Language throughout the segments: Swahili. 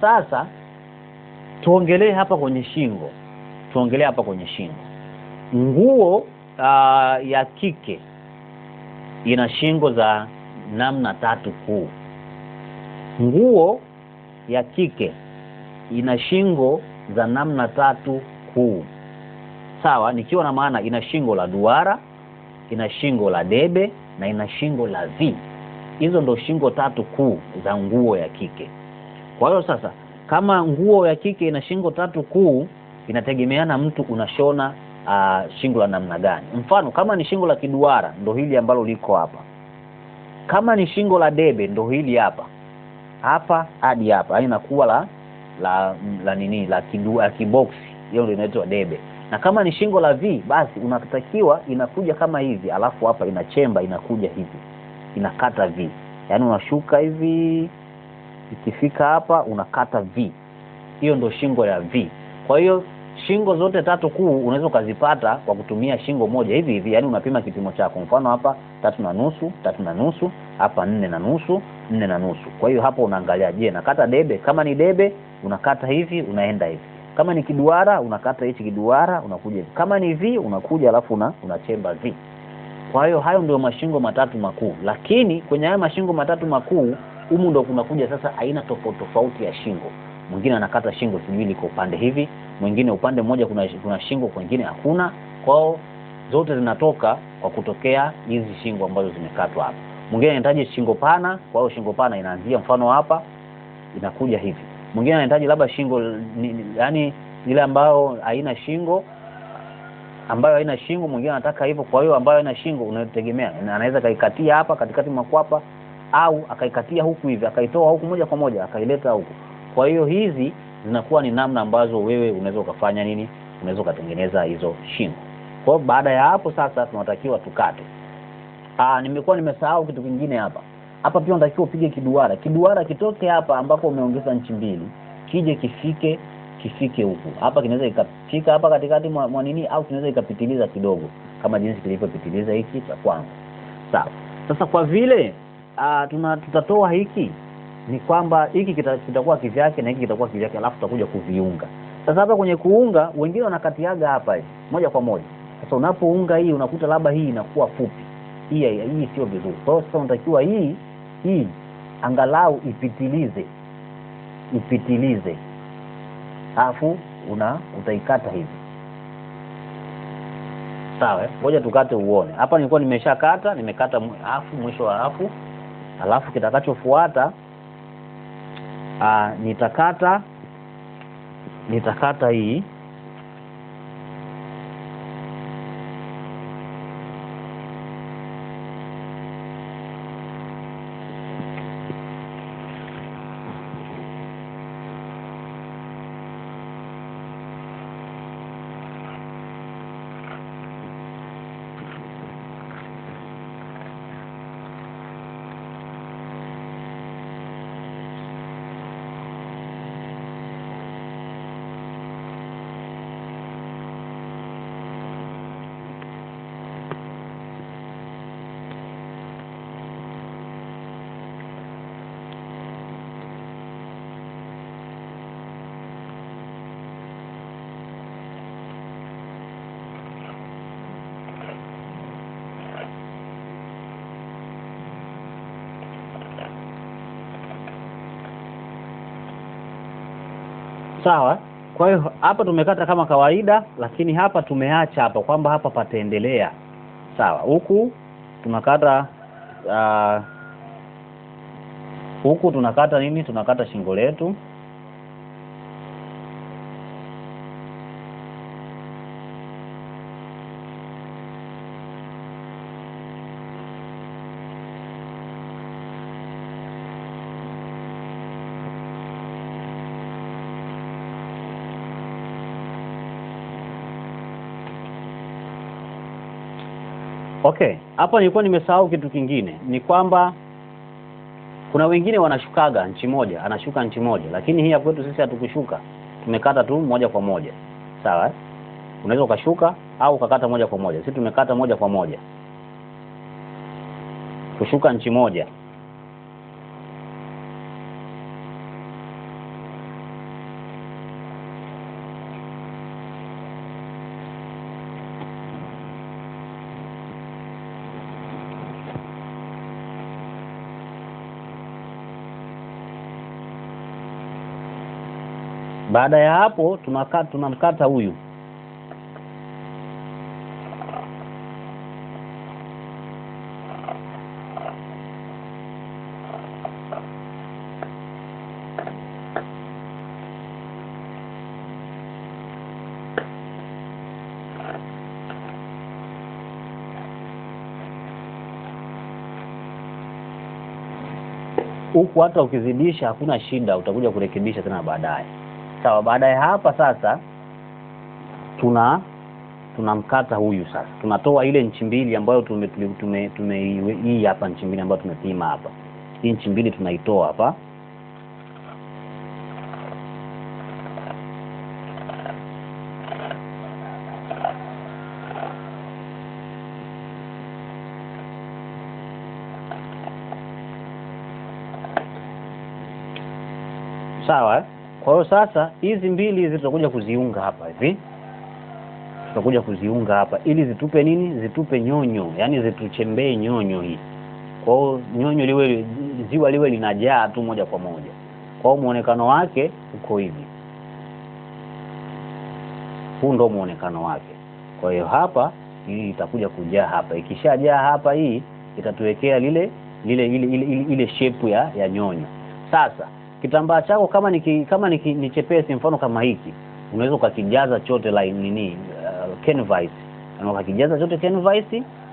Sasa tuongelee hapa kwenye shingo, tuongelee hapa kwenye shingo. Nguo uh, ya kike ina shingo za namna tatu kuu. Nguo ya kike ina shingo za namna tatu kuu, sawa, nikiwa na maana ina shingo la duara, ina shingo la debe na ina shingo la V. Hizo ndo shingo tatu kuu za nguo ya kike. Kwa hiyo sasa, kama nguo ya kike ina shingo tatu kuu, inategemeana mtu unashona uh, shingo la namna gani. Mfano, kama ni shingo la kiduara ndo hili ambalo liko hapa, kama ni shingo la debe ndo hili hapa hapa hadi hapa, yaani inakuwa la la la nini la kidua kiboksi, hiyo ndio inaitwa debe. Na kama ni shingo la V basi unatakiwa inakuja kama hivi, alafu hapa inachemba inakuja hivi, inakata V, yaani unashuka hivi ikifika hapa unakata V. Hiyo ndo shingo ya V. Kwa hiyo shingo zote tatu kuu unaweza ukazipata kwa kutumia shingo moja hivi hivi, yaani unapima kipimo chako. Mfano hapa tatu na nusu, tatu na nusu, hapa nne na nusu, nne na nusu. Kwa hiyo hapo unaangalia, je, nakata debe? Kama ni debe unakata hivi, unaenda hivi. Kama ni kiduara unakata hichi kiduara, unakuja hivi. Kama ni V unakuja, alafu una unachemba V. Kwa hiyo hayo ndio mashingo matatu makuu, lakini kwenye haya mashingo matatu makuu humu ndo kunakuja sasa aina tofauti tofauti ya shingo. Mwingine anakata shingo sijui liko upande hivi, mwingine upande mmoja kuna, kuna shingo kwingine hakuna. Kwao zote zinatoka kwa kutokea hizi shingo ambazo zimekatwa hapa. Mwingine anahitaji shingo pana, kwa hiyo shingo pana inaanzia mfano hapa inakuja hivi. Mwingine anahitaji labda shingo ni, ni, yani ile ambayo haina shingo ambayo haina shingo, mwingine anataka hivyo. Kwa hiyo ambayo haina shingo unategemea, anaweza kaikatia hapa katikati makwapa au akaikatia huku hivi akaitoa huku moja kwa moja akaileta huku. Kwa hiyo hizi zinakuwa ni namna ambazo wewe unaweza ukafanya nini, unaweza ukatengeneza hizo shingo. Kwa hiyo baada ya hapo sasa tunatakiwa tukate. Ah, nimekuwa nimesahau kitu kingine hapa. Hapa pia unatakiwa upige kiduara. Kiduara kitoke hapa ambako umeongeza nchi mbili, kije kifike kifike huku. Hapa kinaweza ikafika hapa katikati mwa nini au kinaweza ikapitiliza kidogo kama jinsi kilivyopitiliza hiki cha kwanza Sawa. Sasa kwa vile Ah, tuna tutatoa hiki ni kwamba hiki kitakuwa kivyake na hiki kitakuwa kivyake alafu tutakuja kuviunga sasa hapa kwenye kuunga wengine wanakatiaga hapa hii moja kwa moja sasa unapounga hii unakuta labda hii inakuwa fupi hii hii sio vizuri kwa hiyo sasa unatakiwa hii hii angalau ipitilize ipitilize alafu una utaikata hivi sawa eh? ngoja tukate uone hapa nilikuwa nimeshakata nimekata afu mwisho wa afu Alafu kitakachofuata ah, nitakata nitakata hii Sawa. Kwa hiyo hapa tumekata kama kawaida, lakini hapa tumeacha hapa kwamba hapa pataendelea. Sawa, huku tunakata uh, huku tunakata nini? Tunakata shingo letu. Okay, hapa nilikuwa nimesahau kitu kingine, ni kwamba kuna wengine wanashukaga nchi moja, anashuka nchi moja, lakini hii ya kwetu sisi hatukushuka, tumekata tu moja kwa moja, sawa? Eh? Unaweza ukashuka au ukakata moja kwa moja. Sisi tumekata moja kwa moja, kushuka nchi moja. baada ya hapo tunakata tunamkata huyu huku hata ukizidisha hakuna shida utakuja kurekebisha tena baadaye sawa. Baada ya hapa sasa tuna tunamkata huyu sasa, tunatoa ile nchi mbili ambayo tume, tume, tume hii hapa nchi mbili ambayo tumepima hapa, hii nchi mbili tunaitoa hapa sawa eh? Kwa hiyo sasa hizi mbili hizi tutakuja kuziunga hapa hivi, tutakuja kuziunga hapa ili zitupe nini? Zitupe nyonyo, yaani zituchembee nyonyo hii. Kwa hiyo nyonyo liwe, ziwa liwe linajaa tu moja kwa moja. Kwa hiyo muonekano wake uko hivi, huu ndo muonekano wake. Kwa hiyo hapa hii itakuja kujaa hapa, ikishajaa hapa hii itatuwekea lile lile ile, ile, ile, shepu ya, ya nyonyo sasa kitambaa chako kama ni kama ni, chepesi mfano kama hiki unaweza ukakijaza chote la nini uh, canvas ukakijaza chote canvas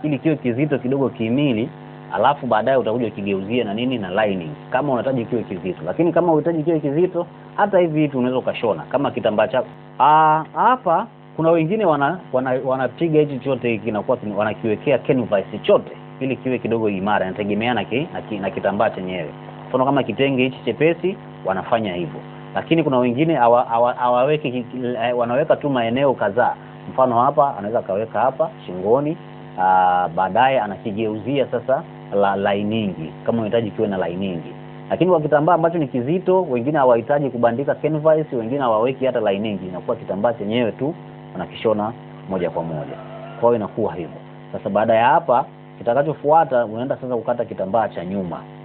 ili kiwe kizito kidogo kimili alafu baadaye utakuja ukigeuzia na nini na lining kama unahitaji kiwe kizito lakini kama unahitaji kiwe kizito hata hivi vitu unaweza ukashona kama kitambaa chako ah, hapa kuna wengine wana wanapiga wana hichi chote kinakuwa wanakiwekea canvas chote ili kiwe kidogo imara inategemeana na, ki, ki, na kitambaa chenyewe mfano kama kitenge hichi chepesi wanafanya hivyo, lakini kuna wengine awa, awa, hawaweki, eh, wanaweka tu maeneo kadhaa. Mfano hapa anaweza akaweka hapa shingoni, ah, baadaye anakigeuzia sasa la lainingi, kama unahitaji kiwe na lainingi. Lakini kwa kitambaa ambacho ni kizito, wengine hawahitaji kubandika canvas, wengine hawaweki hata lainingi, inakuwa kitambaa chenyewe tu wanakishona moja kwa moja. Kwa hiyo inakuwa hivyo. Sasa baada ya hapa, kitakachofuata unaenda sasa kukata kitambaa cha nyuma.